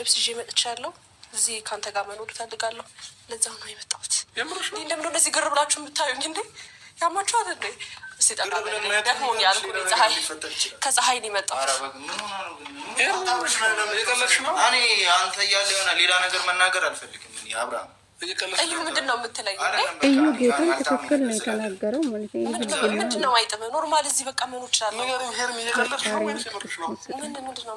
ልብስ ይዤ መጥቻለሁ። እዚህ ከአንተ ጋር መኖር እፈልጋለሁ። ለዛ ነው የመጣሁት። እንደምደ እንደዚህ ግር ብላችሁ የምታዩኝ እንዴ? ያማችኋል እንዴ? ደክሞኛል። ፀሐይ ከፀሐይ ነው የመጣሁት። አንተ እያለ የሆነ ሌላ ነገር መናገር አልፈልግም። አብርሃም እዩ ምንድን ነው የምትለኝ? ጌታን ትክክል ነው የተናገረው ማለት ነው። ምንድን አይጥም ኖርማል እዚህ በቃ መኖር ይችላል። ምንድን ነው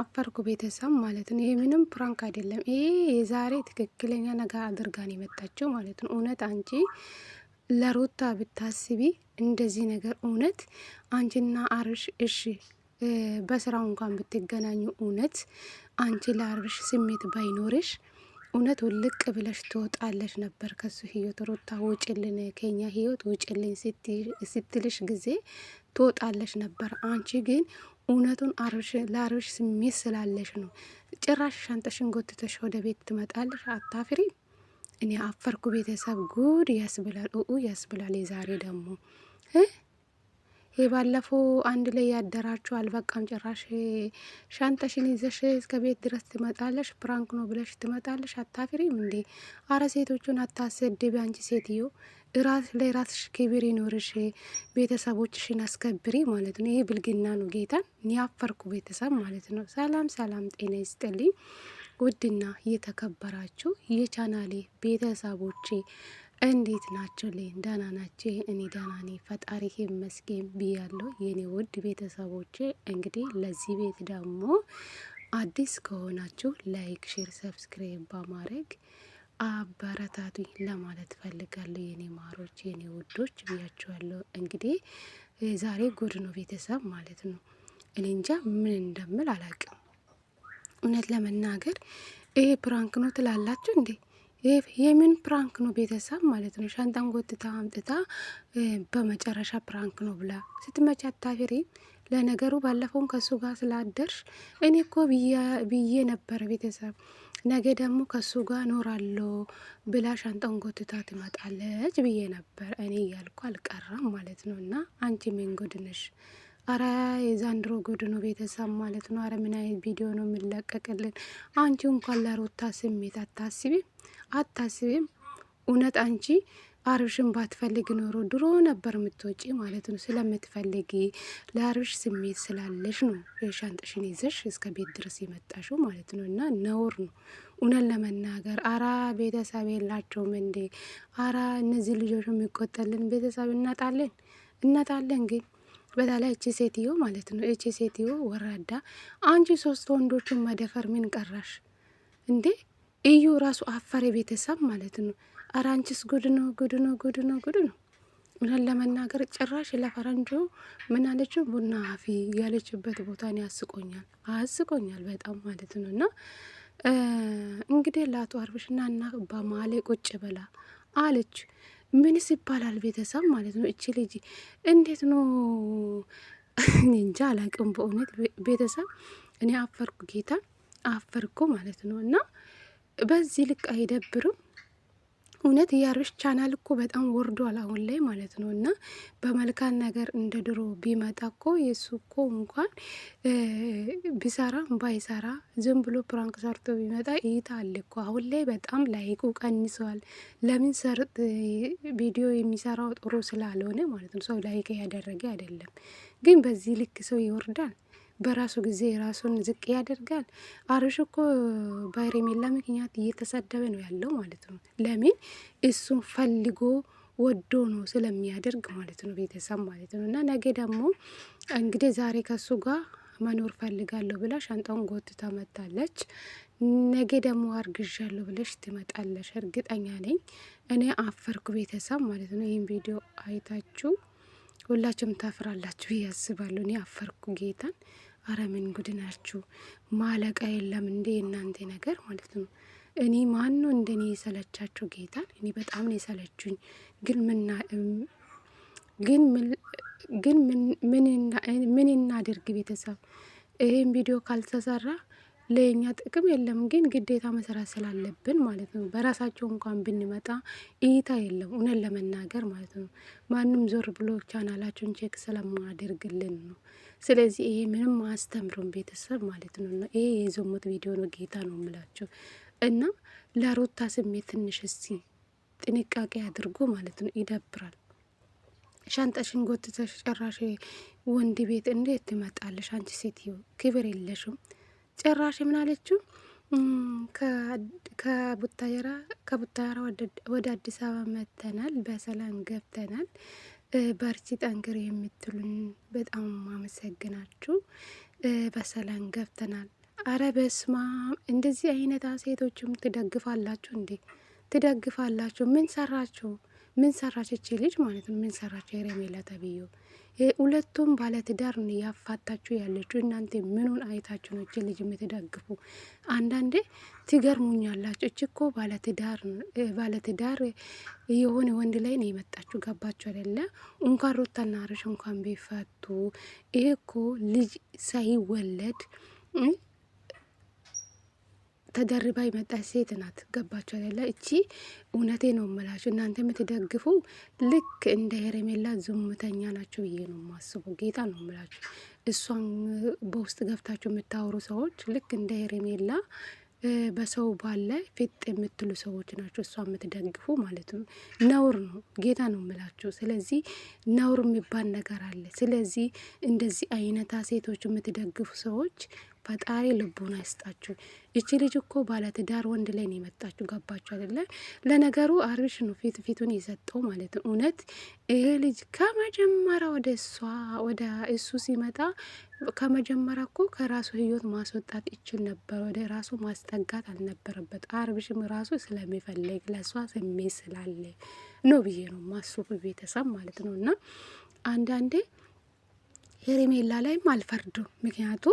አፈርኩ ቤተሰብ ማለት ነው። ይሄ ምንም ፕራንክ አይደለም። ይሄ የዛሬ ትክክለኛ ነገር አድርጋን የመጣቸው ማለት ነው። እውነት አንቺ ለሩታ ብታስቢ እንደዚህ ነገር እውነት አንቺና አርሽ እሺ በስራው እንኳን ብትገናኙ እውነት አንቺ ለአርሽ ስሜት ባይኖርሽ እውነት ውልቅ ብለሽ ትወጣለሽ ነበር ከሱ ህይወት። ሩታ ውጭልን፣ ከኛ ህይወት ውጭልን ስትልሽ ጊዜ ትወጣለሽ ነበር። አንቺ ግን እውነቱን ለአብርሽ ስሜት ስላለሽ ነው። ጭራሽ ሻንጣሽን ጎትተሽ ወደ ቤት ትመጣለሽ። አታፍሪ። እኔ አፈርኩ። ቤተሰብ ጉድ ያስብላል፣ ኡኡ ያስብላል። የዛሬ ደግሞ ባለፈው አንድ ላይ ያደራችሁ አልበቃም ጭራሽ ሻንጣሽን ይዘሽ እስከ ቤት ድረስ ትመጣለሽ፣ ፕራንክ ነው ብለሽ ትመጣለሽ። አታፍሪም እንዴ? አረ ሴቶቹን አታሰድቢ አንቺ ሴትዮ። ራስ ላይ ራስሽ ክብር ይኖርሽ፣ ቤተሰቦችሽን አስከብሪ ማለት ነው። ይሄ ብልግና ነው። ጌታን ያፈርኩ ቤተሰብ ማለት ነው። ሰላም ሰላም፣ ጤና ይስጥልኝ ውድና የተከበራችሁ የቻናሌ ቤተሰቦቼ እንዴት ናቸው ልኝ ደህና ናቸው። እኔ ደህና ነኝ ፈጣሪ ይመስገን ብያለሁ የኔ ውድ ቤተሰቦቼ። እንግዲህ ለዚህ ቤት ደግሞ አዲስ ከሆናችሁ ላይክ፣ ሼር፣ ሰብስክራይብ በማድረግ አበረታቱ ለማለት ፈልጋለሁ የኔ ማሮች፣ የኔ ውዶች ብያችኋለሁ። እንግዲህ ዛሬ ጉድ ነው ቤተሰብ ማለት ነው። እኔ እንጃ ምን እንደምል አላቅም። እውነት ለመናገር ይሄ ፕራንክ ነው ትላላችሁ እንዴ? የምን ፕራንክ ነው ቤተሰብ ማለት ነው። ሻንጣን ጎትታ አምጥታ በመጨረሻ ፕራንክ ነው ብላ ስትመቻ ታፊሪ። ለነገሩ ባለፈውን ከሱ ጋር ስላደርሽ እኔ እኮ ብዬ ነበር ቤተሰብ ነገ ደግሞ ከሱ ጋር ኖራለሁ ብላ ሻንጣን ጎትታ ትመጣለች ብዬ ነበር እኔ እያልኩ አልቀረም ማለት ነው። እና አንቺ ምን ጉድ ነሽ? አረ የዛንድሮ ጉድ ነው ቤተሰብ ማለት ነው። አረ ምን አይነት ቪዲዮ ነው የሚለቀቅልን? አንቺ እንኳን ለሩታ ስሜት አታስቢም አታስቢም። እውነት አንቺ አርብሽን ባትፈልግ ኖሮ ድሮ ነበር የምትወጪ ማለት ነው። ስለምትፈልጊ ለአርብሽ ስሜት ስላለሽ ነው የሻንጥሽን ይዘሽ እስከ ቤት ድረስ የመጣሽው ማለት ነው። እና ነውር ነው እውነት ለመናገር አራ ቤተሰብ የላቸውም እንዴ? አራ እነዚህ ልጆች የሚቆጠልን ቤተሰብ እናጣለን እናጣለን ግን በተለይ እቺ ሴትዮ ማለት ነው። እቺ ሴትዮ ወራዳ። አንቺ ሶስት ወንዶችን መደፈር ምን ቀራሽ እንዴ? እዩ ራሱ አፈር ቤተሰብ ማለት ነው። ኧረ አንቺስ ጉድ ነው፣ ጉድ ነው፣ ጉድ ነው፣ ጉድ ነው። ምንን ለመናገር ጭራሽ ለፈረንጆ ምን አለች ቡና አፊ ያለችበት ቦታን ያስቆኛል፣ አያስቆኛል በጣም ማለት ነው። እና እንግዲህ ለአቶ አርብሽ ና እና በማሌ ቁጭ በላ አለች። ምንስ ይባላል ቤተሰብ ማለት ነው። እቺ ልጅ እንዴት ነው እንጃ አላቅም። በእውነት ቤተሰብ እኔ አፈርኩ፣ ጌታ አፈርኩ ማለት ነው። እና በዚህ ልክ አይደብርም እውነት የአብርሽ ቻናል እኮ በጣም ወርዷል አሁን ላይ ማለት ነው። እና በመልካም ነገር እንደ ድሮ ቢመጣ እኮ የእሱ እኮ እንኳን ቢሰራ ባይሰራ ዝም ብሎ ፕራንክ ሰርቶ ቢመጣ እይታ አለ እኮ አሁን ላይ በጣም ላይቁ ቀንሰዋል። ለምን ሰርጥ ቪዲዮ የሚሰራው ጥሩ ስላልሆነ ማለት ነው። ሰው ላይክ ያደረገ አይደለም ግን በዚህ ልክ ሰው ይወርዳል። በራሱ ጊዜ ራሱን ዝቅ ያደርጋል። አርሽ እኮ በሄርሜላ ምክንያት እየተሰደበ ነው ያለው ማለት ነው። ለምን እሱን ፈልጎ ወዶ ነው ስለሚያደርግ ማለት ነው፣ ቤተሰብ ማለት ነው። እና ነገ ደግሞ እንግዲህ ዛሬ ከሱ ጋር መኖር ፈልጋለሁ ብላ ሻንጣውን ጎትታ መጣለች። ነገ ደግሞ አርግዣለሁ ብለሽ ትመጣለሽ፣ እርግጠኛ ነኝ። እኔ አፈርኩ ቤተሰብ ማለት ነው። ይህን ቪዲዮ አይታችሁ ሁላችሁም ታፍራላችሁ ያስባሉ። እኔ አፈርኩ ጌታን። አረ ምን ጉድ ናችሁ! ማለቃ የለም እንዴ እናንተ ነገር ማለት ነው። እኔ ማን ነው እንደኔ የሰለቻችሁ ጌታን? እኔ በጣም ነው የሰለችኝ። ግን ምና ግን ግን ምን እናድርግ ቤተሰብ ይህም ቪዲዮ ካልተሰራ ለኛ ጥቅም የለም፣ ግን ግዴታ መስራት ስላለብን ማለት ነው። በራሳቸው እንኳን ብንመጣ እይታ የለም እውነት ለመናገር ማለት ነው። ማንም ዞር ብሎ ቻናላቸውን ቼክ ስለማያደርግልን ነው። ስለዚህ ይሄ ምንም አያስተምርም ቤተሰብ ማለት ነው። እና ይሄ የዘሙት ቪዲዮ ነው፣ ጌታ ነው ምላቸው። እና ለሩታ ስሜት ትንሽ እስቲ ጥንቃቄ አድርጎ ማለት ነው። ይደብራል። ሻንጣሽን ጎትተሽ ጨራሽ ወንድ ቤት እንዴት ትመጣለሽ? አንቺ ሴትዮ ክብር የለሽም። ጭራሽ ምን አለችው? ከቡታየራ ከቡታየራ ወደ አዲስ አበባ መጥተናል፣ በሰላም ገብተናል። በርቺ ጠንክር የምትሉን በጣም አመሰግናችሁ። በሰላም ገብተናል። አረ በስማ እንደዚህ አይነት ሴቶችም ትደግፋላችሁ እንዴ? ትደግፋላችሁ ምን ሰራችሁ? ምን ሰራች እቺ ልጅ ማለት ነው? ምን ሰራች ሄርሜላ ተብዩ? ሁለቱም ባለትዳር ያፋታችሁ ያለችው እናንተ ምኑን አይታችሁ ነው እቺ ልጅ የምትደግፉ? አንዳንዴ ትገርሙኛላችሁ። እች እኮ ባለትዳር የሆነ ወንድ ላይ ነው የመጣችሁ። ገባችሁ አይደለ? እንኳን ሩታና አብርሽ እንኳን ቢፈቱ ይሄ እኮ ልጅ ሳይወለድ ተደርባ የመጣ ሴት ናት። ገባቸው አይደለ? እቺ እውነቴ ነው የምላችሁ እናንተ የምትደግፉ ልክ እንደ ሄረሜላ ዝምተኛ ናቸው ብዬ ነው የማስበው። ጌታ ነው የምላችሁ። እሷን በውስጥ ገብታችሁ የምታወሩ ሰዎች ልክ እንደ ሄረሜላ በሰው ባለ ፊጥ የምትሉ ሰዎች ናቸው። እሷ የምትደግፉ ማለት ነው። ነውር ነው። ጌታ ነው የምላችሁ። ስለዚህ ነውር የሚባል ነገር አለ። ስለዚህ እንደዚህ አይነታ ሴቶች የምትደግፉ ሰዎች ፈጣሪ ልቡን አይስጣችሁ። እቺ ልጅ እኮ ባለትዳር ወንድ ላይ ነው የመጣችሁ። ገባችሁ አይደለም? ለነገሩ አብርሽ ነው ፊት ፊቱን የሰጠው ማለት ነው። እውነት ይሄ ልጅ ከመጀመሪያ ወደ እሷ ወደ እሱ ሲመጣ ከመጀመሪያ እኮ ከራሱ ህይወት ማስወጣት ይችል ነበር። ወደ ራሱ ማስጠጋት አልነበረበት። አብርሽም ራሱ ስለሚፈልግ ለእሷ ስሜት ስላለ ነው ብዬ ነው ማስቡ ቤተሰብ ማለት ነው እና አንዳንዴ የሬሜላ ላይም አልፈርዱ። ምክንያቱ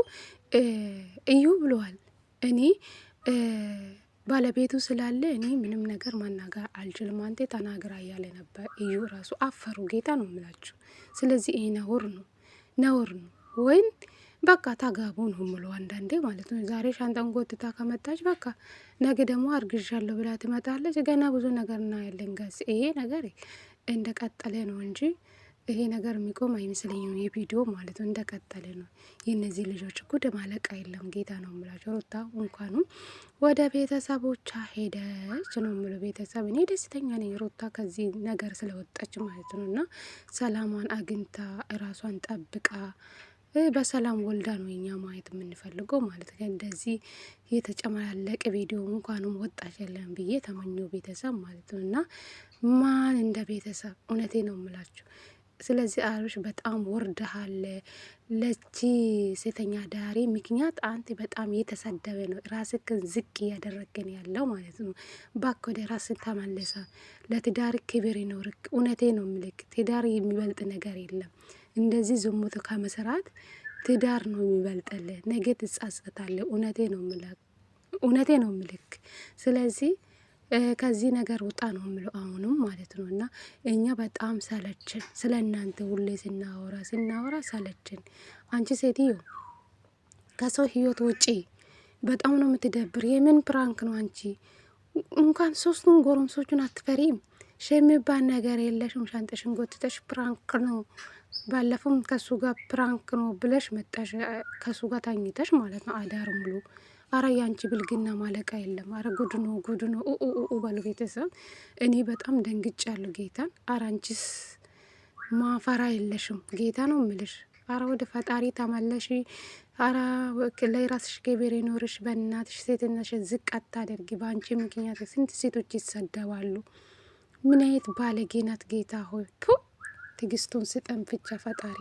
እዩ ብለዋል። እኔ ባለቤቱ ስላለ እኔ ምንም ነገር ማናገር አልችልም። አንቴ ተናግራ እያለ ነበር እዩ ራሱ አፈሩ። ጌታ ነው ምላችሁ። ስለዚህ ይሄ ነውር ነው ነውር ነው ወይም በቃ ታጋቡ ነው ምሎ አንዳንዴ ማለት ነው። ዛሬ ሻንጣን ጎትታ ከመጣች በቃ ነገ ደግሞ አርግዣለሁ ብላ ትመጣለች። ገና ብዙ ነገር እናያለን። ጋዝ ይሄ ነገር እንደቀጠለ ነው እንጂ ይሄ ነገር የሚቆም አይመስለኝም። የቪዲዮ ማለት ነው እንደቀጠለ ነው። የእነዚህ ልጆች ጉድ አለቃ የለም። ጌታ ነው የምላቸው። ሩታ እንኳንም ወደ ቤተሰቦቿ ሄደች ነው የምለው። ቤተሰብ እኔ ደስተኛ ነኝ ሩታ ከዚህ ነገር ስለወጣች ማለት ነው እና ሰላሟን አግኝታ ራሷን ጠብቃ በሰላም ወልዳ ነው የኛ ማየት የምንፈልገው ማለት ነው። እንደዚህ የተጨመላለቀ ቪዲዮ እንኳንም ወጣች የለም ብዬ ተመኘው ቤተሰብ ማለት ነው እና ማን እንደ ቤተሰብ እውነቴ ነው የምላችሁ ስለዚህ አብርሽ በጣም ወርደሃል። ለቺ ሴተኛ ዳሪ ምክንያት አንተ በጣም የተሰደበ ነው፣ ራስክን ዝቅ እያደረገን ያለው ማለት ነው። ባክ ወደ ራስን ተመለሰ። ለትዳር ክብር ይኖርክ። እውነቴ ነው ምልክ ትዳር የሚበልጥ ነገር የለም። እንደዚህ ዝሙት ከመስራት ትዳር ነው የሚበልጠለ። ነገ ትጸጸታለህ። እውነቴ ነው ምልክ። ስለዚህ ከዚህ ነገር ውጣ ነው የምለው አሁንም ማለት ነው። እና እኛ በጣም ሰለችን፣ ስለ እናንተ ሁሌ ስናወራ ስናወራ ሰለችን። አንቺ ሴትዮ ከሰው ህይወት ውጪ በጣም ነው የምትደብር። የምን ፕራንክ ነው አንቺ? እንኳን ሶስቱን ጎረምሶቹን አትፈሪም። ሽ ነገር የለሽም። ሻንጠሽን ጎትተሽ ፕራንክ ነው። ባለፈውም ከሱ ጋር ፕራንክ ነው ብለሽ መጣሽ። ከሱ ጋር ታኝተሽ ማለት ነው አዳር ሙሉ አረ ያንቺ ብልግና ማለቃ የለም። አረ ጉድኖ ጉድኖ ኡኡኡ በሉ ቤተሰብ። እኔ በጣም ደንግጭ ያሉ ጌታን። አረ አንቺስ ማፈራ የለሽም ጌታ ነው ምልሽ። አረ ወደ ፈጣሪ ተመለሽ። አረ ላይ ራስሽ ክብር ይኖርሽ። በእናትሽ ሴትነሽ ዝቅ አታደርጊ። በአንቺ ምክንያት ስንት ሴቶች ይሰደባሉ። ምን አይነት ባለጌናት ጌታ ሆይ ትግስቱን ስጠን። ፍቻ ፈጣሪ